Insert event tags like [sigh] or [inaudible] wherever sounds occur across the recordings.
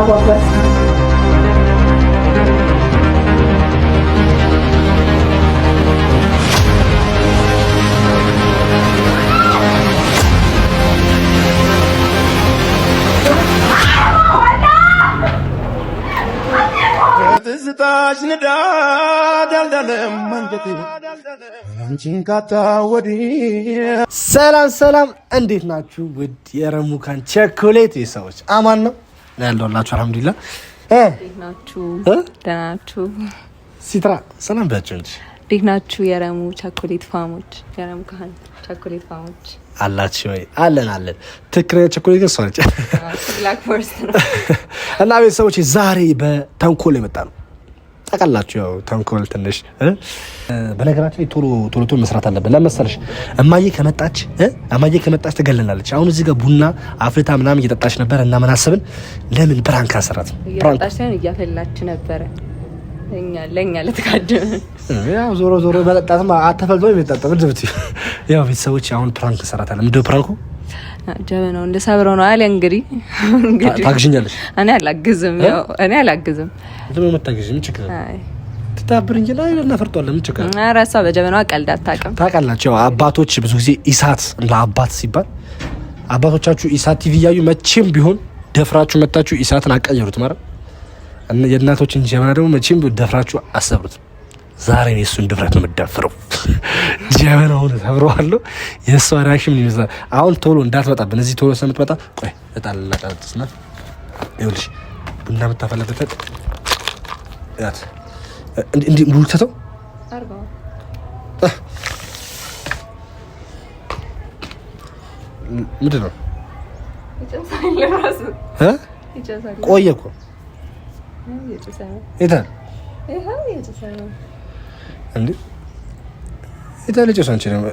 የተጫወቱት። ትዝታሽ ንዳድ አልዳለም አንጀቴ አንቺን ካታ ወዲህ። ሰላም ሰላም፣ እንዴት ናችሁ? ውድ የረሙካን ቸኮሌት ሰዎች አማን ነው ያለውላችሁ አልሐምዱሊላህ። ናችሁ ሲትራ ሰላም ቢያቸው እንጂ እንዴት ናችሁ? የረሙ ቸኮሌት ፋሞች የረሙ ካህን ቸኮሌት ፋሞች አላችሁ ወይ? አለን አለን። ትክክለኛ ቸኮሌት ግን እሷ ነች። [laughs] እና ቤተሰቦች ዛሬ በተንኮል የመጣ ነው ታውቃላችሁ፣ ያው ተንኮል ትንሽ። በነገራችን ላይ ቶሎ ቶሎ ቶሎ መስራት አለብን። ለመሰለሽ እማዬ ከመጣች እማዬ ከመጣች ትገለናለች። አሁን እዚህ ጋር ቡና አፍልታ ምናምን እየጠጣች ነበር እና ምን አሰብን፣ ለምን ፕራንክ አሰራት። እየጠጣች ሳይሆን እያፈላች ነበረ ለእኛ ያው ዞሮ ዞሮ መጠጣትም አተፈልቶ የሚጠጠም ድብት ያው ቤተሰቦች አሁን ፕራንክ ሰራታለን። ምንድን ነው ፕራንኩ? ጀበናው እንደ ሰብረው ነው አለ እንግዲህ። ታግዥኛለሽ? እኔ አላግዝም፣ ያው እኔ አላግዝም። ለምን ምን ችግር አይ ታብር እንጂ ላይ እናፈርጧለን። ምን ችግር አይ ራሷ በጀበናዋ ቀልድ አታውቅም። ታውቃላችሁ፣ አባቶች ብዙ ጊዜ ኢሳት ለአባት ሲባል አባቶቻችሁ ኢሳት ቲቪ እያዩ መቼም ቢሆን ደፍራችሁ መታችሁ ኢሳትን አቀየሩት ማለት የእናቶችን ጀበና ደግሞ መቼም ቢሆን ደፍራችሁ አሰብሩት። ዛሬ ነው የእሱን ድፍረት ነው የምዳፍረው። ጀበናውን ሰብረዋለሁ። የእሷ ሪያክሽን ይመስላ አሁን ቶሎ እንዳትመጣብን እዚህ ቶሎ ስለምትመጣ ቆይ በጣም ይኸውልሽ ቡና የምታፈለበት እንዲህ ሙሉ ከተው ምንድን ነው ቆየ እኮ እንዴ ነው።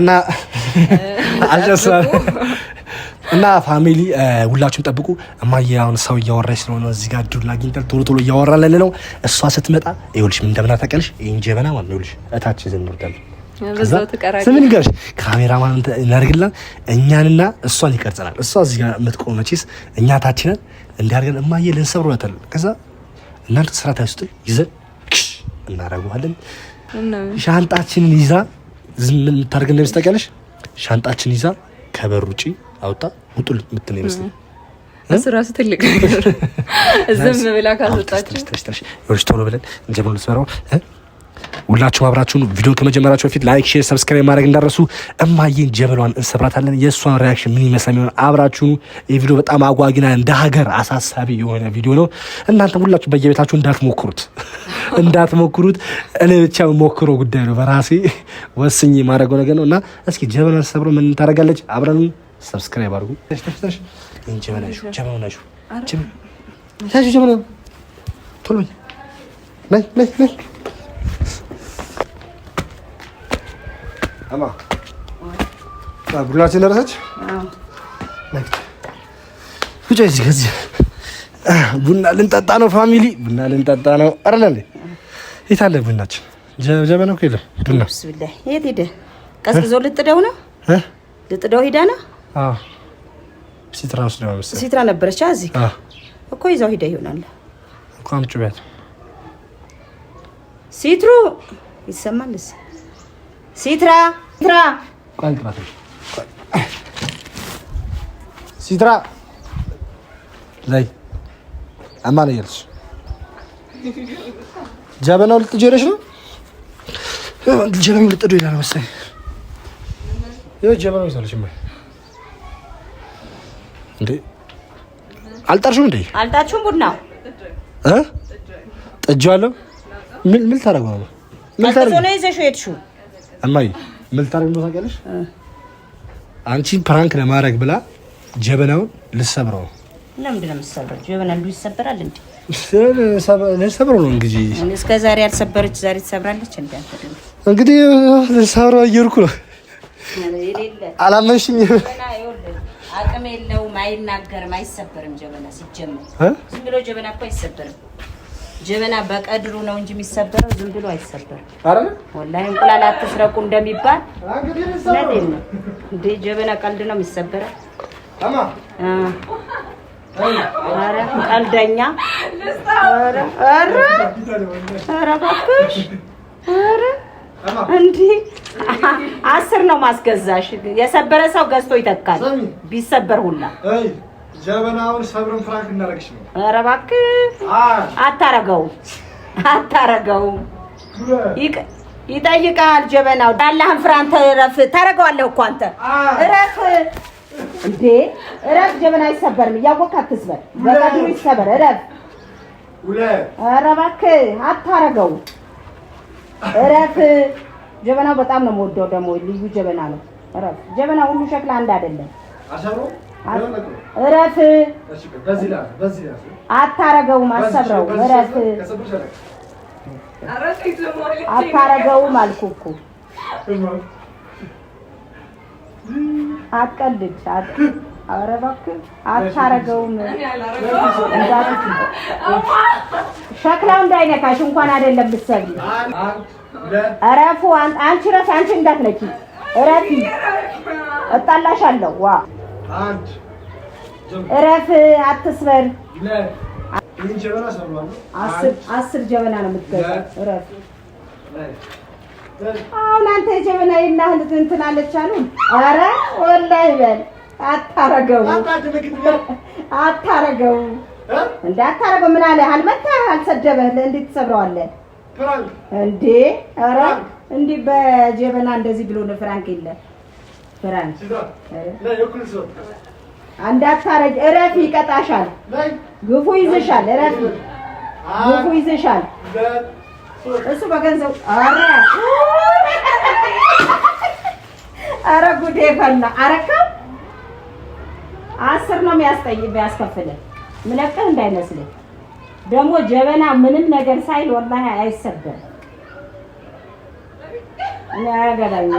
እና [laughs] እና ፋሚሊ ሁላችሁም ጠብቁ። እማዬ አሁን ሰው እያወራች ስለሆነ እዚህ ጋር ዱላ አግኝተን ቶሎ ቶሎ እያወራለን ነው። እሷ ስትመጣ ይኸውልሽ ምን እንደምና ይህን ጀበና ማለት ነው ይኸውልሽ እታች ይዘን ስምን ይገርሽ ካሜራማን እናደርግላን እኛንና እሷን ይቀርጸናል። እሷ እዚህ ጋር የምትቆመው መቼስ እኛ ታችነን እንዲያርገን እማዬ ነተል ከዛ እናንተ ስራ ታይስጥ ይዘን እናደርገዋለን። ሻንጣችንን ይዛ የምታደርግ እንደሚስት ታውቂያለሽ። ሻንጣችን ይዛ ከበር ውጪ አውጣ ውጡ ምትል ይመስል እሱ ራሱ ትልቅ [laughs] ዝም ብላ ካስወጣችሁ ቶሎ ብለን እንጀምሮ ልስበረው ሁላችሁም አብራችሁን ቪዲዮ ከመጀመራችሁ በፊት ላይክ፣ ሼር፣ ሰብስክራይብ ማድረግ እንዳረሱ። እማዬን ጀበሏን እንሰብራታለን። የእሷን ሪያክሽን ምን ይመስላል የሚሆን አብራችሁኑ። ይህ ቪዲዮ በጣም አጓጊና እንደ ሀገር አሳሳቢ የሆነ ቪዲዮ ነው። እናንተ ሁላችሁ በየቤታችሁ እንዳትሞክሩት [laughs] እንዳትሞክሩት። እኔ ብቻ ሞክሮ ጉዳይ ነው በራሴ ወስኝ ማድረገው ነገር ነው እና እስኪ ጀበሏን ሰብሮ ምን ታደርጋለች? አብረን ሰብስክራይብ አድርጉ። ጀበና ጀበና ቡናችን ደረሰች። ቡና ልንጠጣ ነው ፋሚሊ፣ ቡና ልንጠጣ ነው። አረለ እንዴ የት አለ ቡናችን? ጀበና እኮ የለም። ቡና የት ሄደ? ቀዝቅዞ ልጥደው ነው ልጥደው ሄዳ ነው። ሲትራ ወስደው መሰለኝ። ሲትራ ነበረች እዚህ እኮ ይዛው ሄዳ ይሆናል እኮ አምጪው ቢያት ሲትሩ ይሰማል። ሲትራ ሲትራ ላይ አማን እያለች ጀበናው ልጥጆ ሄደች ነው። ጀበናው ልጥዶ ይላል መሰለኝ። ጀበናው ይዛለች። አልጣርሽም እንዴ? አልጣችሁም? ቡና አለው። ምን ምን ነው? ይዘሽው እማዬ ምልታር ነው ታውቂያለሽ? አንቺን ፕራንክ ለማድረግ ብላ ጀበናውን ልሰብረው። ለምንድን ነው የምትሰብረው? ጀበና እንዲሁ ልሰብረው ነው እንግዲህ። እስከ ዛሬ ዛሬ ትሰብራለች። እንግዲህ ልሰብረው ነው። አላመንሽም? አቅም የለውም። አይናገርም፣ አይሰበርም ጀበና። ሲጀመር ዝም ብሎ ጀበና እኮ አይሰበርም። ጀበና በቀድሩ ነው እንጂ የሚሰበረው ዝም ብሎ አይሰበርም። አረ ወላሂ እንቁላል አትስረቁ እንደሚባል ነው እንዴ? ጀበና ቀልድ ነው የሚሰበረው? አረ ቀልደኛ! አረ አረ አስር ነው ማስገዛሽ። የሰበረ ሰው ገዝቶ ይተካል ቢሰበር ሁላ ጀበናውን ሰብርን ፍራንክ እናረግሽ ነው። ኧረ እባክህ አታረገው፣ አታረገው። ይጠይቃል ጀበናው። ዳላህን ፍራንክ ረፍ ታረገዋለህ እኮ አንተ። እረፍ እንዴ እረፍ። ጀበና አይሰበርም፣ እያወቅህ አትስበር። በቀድሩ ይሰበር። እረፍ። ኧረ እባክህ አታረገው፣ እረፍ። ጀበናው በጣም ነው የምወደው፣ ደግሞ ልዩ ጀበና ነው። እረፍ። ጀበና ሁሉ ሸክላ አንድ አይደለም። አሰሩ እረፍ። አታረገውም፣ አሰብረው። እረፍ፣ አታረገውም አልኩህ እኮ አትቀልድ። ኧረ እባክህ አታረገውም። ሸክላው እንዳይነካሽ እንኳን አይደለም ብትሰብሪ። እረፉ። አንቺ እረፍ። አንቺ እንዳትነኪ። እረፊ። እጠላሻለሁ። ዋ እረፍ፣ አትስበር። አስር ጀበና ነው የምትገዛው። እረፍ። አሁን አንተ የጀበና ይናህል እንትን አለች አሉ። ኧረ ወላሂ በል አታረገው፣ አታረገው እንደ አታረገው። ምን አለህ? አልመታህ፣ አልሰደበህ። እንዴት ትሰብረዋለህ እንዴ? ኧረ እንዲህ በጀበና እንደዚህ ብሎ ነው ፍራንክ የለም እንዳታረጅ እረፊ። ይቀጣሻል፣ ግፉ ይዝሻል። እረፊ፣ ግፉ ይዝሻል። እሱ በገንዘብ ኧረ ጉዴ ፈላ። አረካ አስር ነው የሚያስጠይ የሚያስከፍልህ ምለቅህ እንዳይመስልህ። ደግሞ ጀበና ምንም ነገር ሳይል ወላሂ ያገባኝ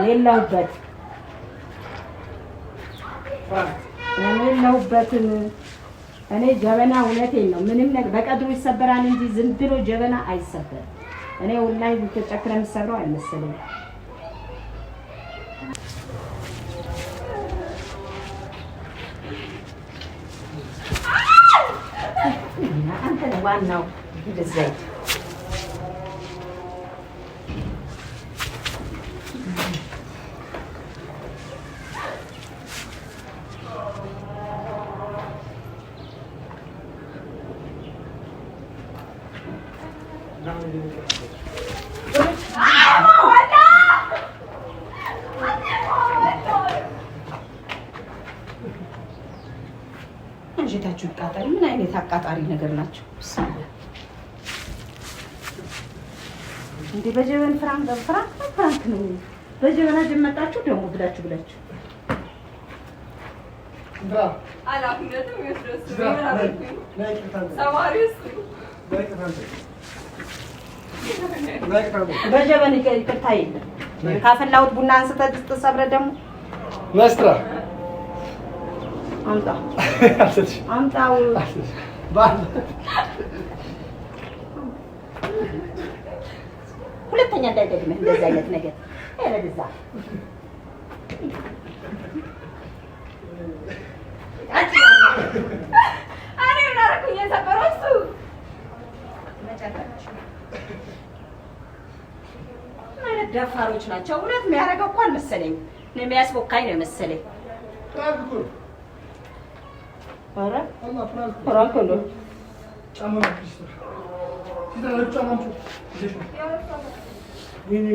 እኔ የሌለሁበትን እኔ ጀበና እውነቴን ነው። ምንም ነገር በቀድሮ ይሰበራል እንጂ ዝም ብሎ ጀበና አይሰበርም። እኔ ላይ ተጨክረ የምሰብረው አይመስለኝም። አንተ ዋናው ዘይት አንጀታችሁ ይቃጠል። ምን አይነት አቃጣሪ ነገር ናቸው? እንዲህ በጀበን ፍራንክ ፍራንክ ፍራንክ ነው። በጀበና ጀመጣችሁ ደግሞ ብላችሁ ብላችሁ ኃላፊነትም በጀበን ይቅርታ የለም። ካፈላሁት ቡና አንስተህ ድስት ሰብረህ ደግሞ ነስትራ አምጣ አምጣው። ሁለተኛ እንዳይደግመህ እንደዚህ አይነት ነገር ያለዛ ደፋሮች ናቸው። እውነት የሚያደርገው እኮ አልመሰለኝም። እኔ የሚያስቦካኝ ነው የመሰለኝ።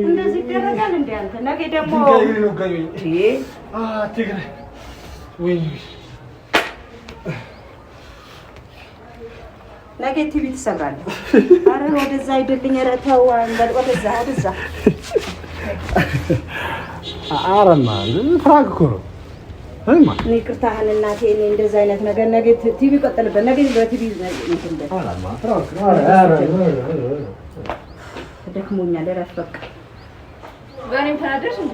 እንደዚህ ይደረጋል። እንደ አንተ ነገ ደግሞ ነገ ቲቪ ትሰብራለህ። አረ ወደዛ አይደልኝ፣ ኧረ ተው ወደዛ ወደዛ። አረማ ፍራክ እኮ ነው። እኔ ይቅርታህን እናቴ፣ እኔ እንደዛ አይነት ነገር ነገ ቲቪ ቀጥልበት፣ ነገ በቲቪ ደክሞኛል። እረፍ በቃ ዛሬም ተናደርሽ እንዴ?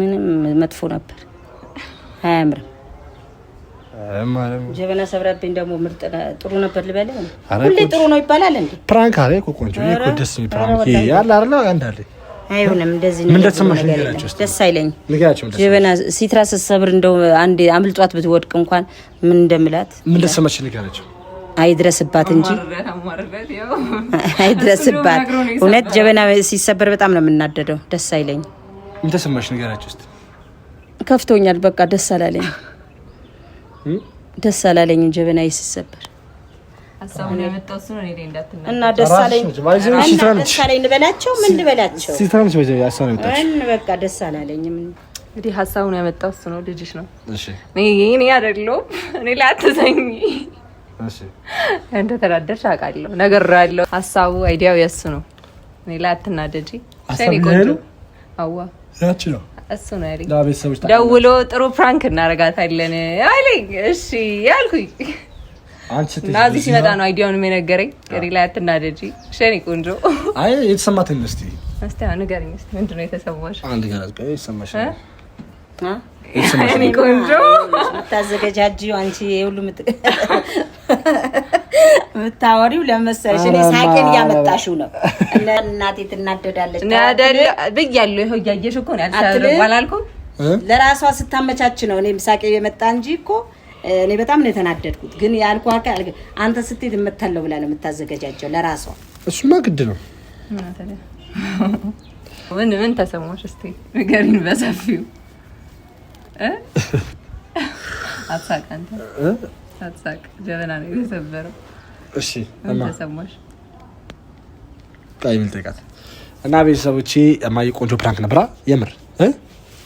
ምንም መጥፎ ነበር፣ አያምርም። ጀበና ሰብረብኝ ደግሞ ምርጥ ጥሩ ነበር ልበለ። ሁሌ ጥሩ ነው ይባላል እንዴ? ፕራንክ አለ እኮ ቆንጆ እኮ ደስ የሚል ፕራንክ ያለ አይደለ? አንድ አለ አይሆንም። እንደዚህ ነው ደስ አይለኝ። ጀበና ሲትራ ሰብር እንደው አንድ አምልጧት ብትወድቅ እንኳን ምን እንደምላት ምን ደሰመሽ ንገረችው። አይድረስባት እንጂ አይድረስባት። እውነት ጀበና ሲሰበር በጣም ነው የምናደደው። ደስ አይለኝ። ምን ተሰማሽ? ነገራች ውስጥ ከፍቶኛል። በቃ ደስ አላለኝ፣ ደስ አላለኝ። ጀበና ይስሰበር እና ደስ አለኝ ልበላቸው፣ ምን በቃ ደስ አላለኝም። እንግዲህ ሀሳቡን ያመጣው እሱ ነው፣ ልጅሽ ነው። እኔ አይደለሁም። እኔ ላትዘኝ አትዘኝ። አውቃለሁ፣ ነገር ያለው ሀሳቡ አይዲያው የእሱ ነው። እኔ ላይ አትናደጂ። ቆንጆ አዋ ያቺ ነው እሱ ነው ያለኝ። ለቤተሰቦች ደውሎ ጥሩ ፕራንክ እናደርጋታለን አለኝ። እሺ ያልኩኝ እና እዚህ ሲመጣ ነው አይዲያውን የነገረኝ። እኔ ላይ አትናደጂ ሸኔ ቆንጆ። አይ የተሰማትን እስኪ ንገረኝ። እስኪ ምንድን ነው የተሰማሽ? አንድ ገና የተሰማሽ ቆንጆ ታዘገጃጂ አንቺ የሁሉ ምት [laughs] ምታወሪው ለመሰለሽ እኔ ሳቄን እያመጣሽው ነው። እናቴ ትናደዳለች ብያለሁ። ይኸው እያየሽ እኮ አላልኩም። ለራሷ ስታመቻች ነው እኔም ሳቄ የመጣ እንጂ እኮ እኔ በጣም ነው የተናደድኩት። ግን ያልኩ አንተ ስትሄድ የምታለው ብላ ነው የምታዘገጃጀው ለራሷ። እሱማ ግድ ነው። ምን ምን ተሰማሽ እስቲ ንገሪን በሰፊው። [laughs] አትሳቅ ሳትሳቅ ጀበና ነው የተሰበረው። እሺ ተሰማሽ? ጣይ ምልጠቃት እና ቤተሰቦቼ እማዬ ቆንጆ ፕራንክ ነብራ የምር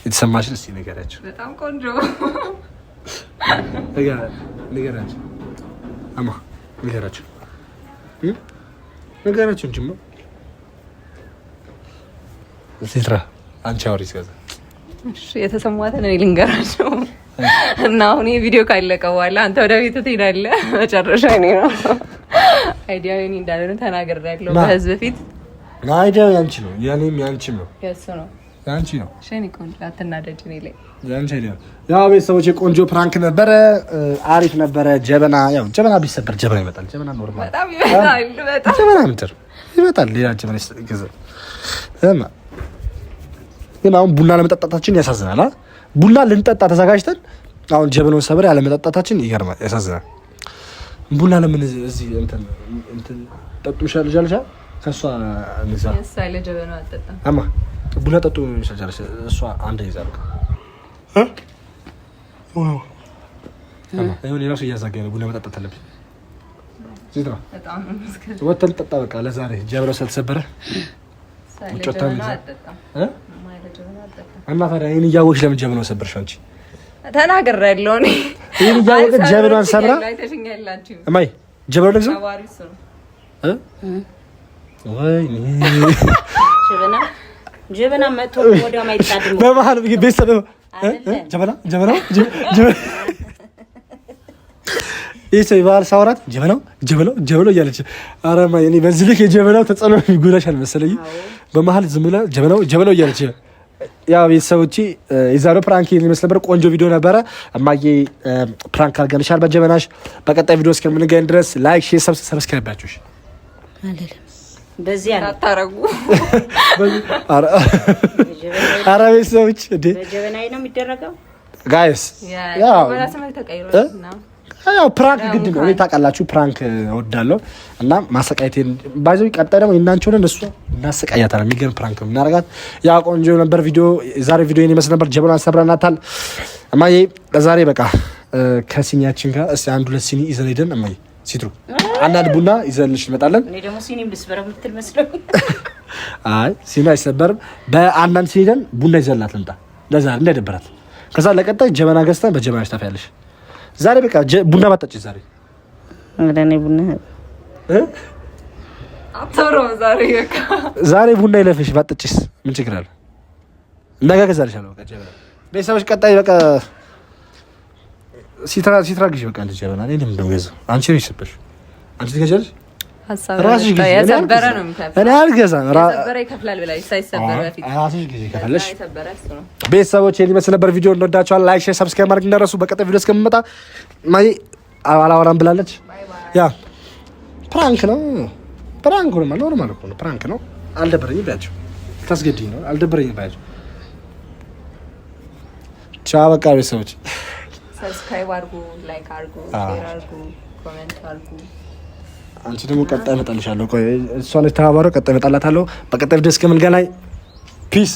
የተሰማሽን እስኪ ንገሪያቸው። በጣም ቆንጆ [laughs] ንገሪያቸው። ንገሪያቸው ንገሪያቸው እንጂማ አንቺ አውሪ እስከዛ የተሰማትን እኔ ልንገራቸው እና አሁን ቪዲዮ ካለቀ በኋላ አንተ ወደ ቤት ትሄዳለህ። መጨረሻ እኔ ነው አይዲያ የእኔ እንዳልሆነ ተናግሬያለሁ በህዝብ ፊት። አይዲያ ያንቺ ነው፣ የእኔም ያንቺ ነው፣ የእሱ ነው፣ ያንቺ ነው። እሺ ቆንጆ አትናደጅ። እኔ ላይ ያው ቤተሰቦቼ ቆንጆ ፕራንክ ነበረ፣ አሪፍ ነበረ። ጀበና ያው ጀበና ቢሰበር ጀበና ይመጣል። ጀበና ኖርማል ጀበና ምድር ይመጣል። ሌላ ጀበና ይገዛል። ግን አሁን ቡና ለመጠጣታችን ያሳዝናል። ቡላ ልንጠጣ ተዘጋጅተን አሁን ጀበናውን ሰብረ ያለመጠጣታችን ይገርማል፣ ያሳዝናል። ቡላ ለምን እዚህ እንትን ጠጡ ጃልሻ ከእሷ እንግዛ ቡላ ጠጡ እሷ አንድ ይዛ ራሱ እያዛጋ ነው። ቡላ መጠጣት አለብኝ። ወተን ጠጣ በቃ ለዛሬ ጀብረው ስለተሰበረ እና ታዲያ ይህን እያወቅሽ ለምን ጀብናው ሰበርሽ? አንቺ ተናገር ይህን እያወቅሽ ጀብናን ሰብራ እማዬ ጀብናው ልግዛ ጀበና ቤተሰብ ጀበና ጀበና ይህ ሰው የባህል ጀበናው ጀበናው ጀበናው እያለች እኔ በዚህ ልክ የጀበናው ተጽዕኖ መሰለኝ። በመሀል ዝምለ ብላ ጀበናው ጀበናው እያለች ያው ቤተሰቦቼ የዛሬው ፕራንክ የሚመስል ነበር። ቆንጆ ቪዲዮ ነበረ። እማዬ ፕራንክ አድርገንሻል በጀበናሽ። በቀጣይ ቪዲዮ እስከምንገኝ ድረስ ላይክ፣ ሼር፣ ሰብስክራይባችሁ በዚህ አታረጉ። ኧረ ቤተሰቦች ጋይስ ያው ተቀይሮ ያው ፕራንክ ግድ ነው። እኔ ታውቃላችሁ ፕራንክ እወዳለሁ እና ማሰቃየቴን ባይዘው ቀጣይ ደግሞ የእናንቸውንን እሱ እናሰቃያታል። የሚገርም ፕራንክ ነው የምናደርጋት። ያ ቆንጆ ነበር ቪዲዮ ዛሬ ቪዲዮ ይመስል ነበር። ጀበናን ሰብረናታል። እማዬ ለዛሬ በቃ ከሲኒያችን ጋር እስኪ አንድ ሁለት ሲኒ ይዘን ሄደን እማዬ ሲትሩ አንዳንድ ቡና ይዘንልሽ እንመጣለን። እኔ ደግሞ ሲኒ ልስበረው ምትል መስሎኝ። [laughs] አይ ሲኒ አይሰበርም። በአንዳንድ ሲኒ ሄደን ቡና ይዘንላት ልምጣ ለዛሬ እንዳይደበራት። ከዛ ለቀጣይ ጀበና ገዝተን በጀበና ታፊያለሽ። ዛሬ በቃ ቡና ባጣጭ ዛሬ ወደኔ ቡና አጥሮ ዛሬ ዛሬ ቡና ይለፍሽ ባጠጭስ ምን ችግር አለ? ነገ እገዛልሻለሁ። በቃ ጀበና ቤተሰቦች፣ ቀጣይ በቃ ሲትራ ሲትራ ግዢ በቃ ልጅ ጀበና እኔ ለምን እንደምገዛው አንቺ ነሽ ስበሽ አንቺ ትገዣለሽ። ራስሽ ጊዜ እኔ አልገዛም። ራስሽ ጊዜ ከፈለሽ። ቤተሰቦች የሚመስል ነበር ቪዲዮ። እንወዳቸዋል። ላይክ፣ ሼር፣ ሰብስክራይብ ማድረግ እንደረሱ። በቀጣይ ቪዲዮ እስከምመጣ ማይ አላወራም ብላለች። ያ ፕራንክ ነው። ፕራንክ ነው ማለት ኖርማል ነው። ፕራንክ ነው። አልደበረኝም ባያቸው፣ ታስገድኝ ነው። አልደበረኝም ባያቸው። ቻው በቃ ቤተሰቦች፣ ሰብስክራይብ አድርጉ፣ ላይክ አድርጉ፣ ሼር አድርጉ፣ ኮሜንት አድርጉ። አንቺ ደግሞ ቀጣይ እመጣልሻለሁ። እሷ ነች ተባባሪ። ቀጣይ እመጣላታለሁ። በቀጣይ ቪዲዮ እስከምንገናኝ ፒስ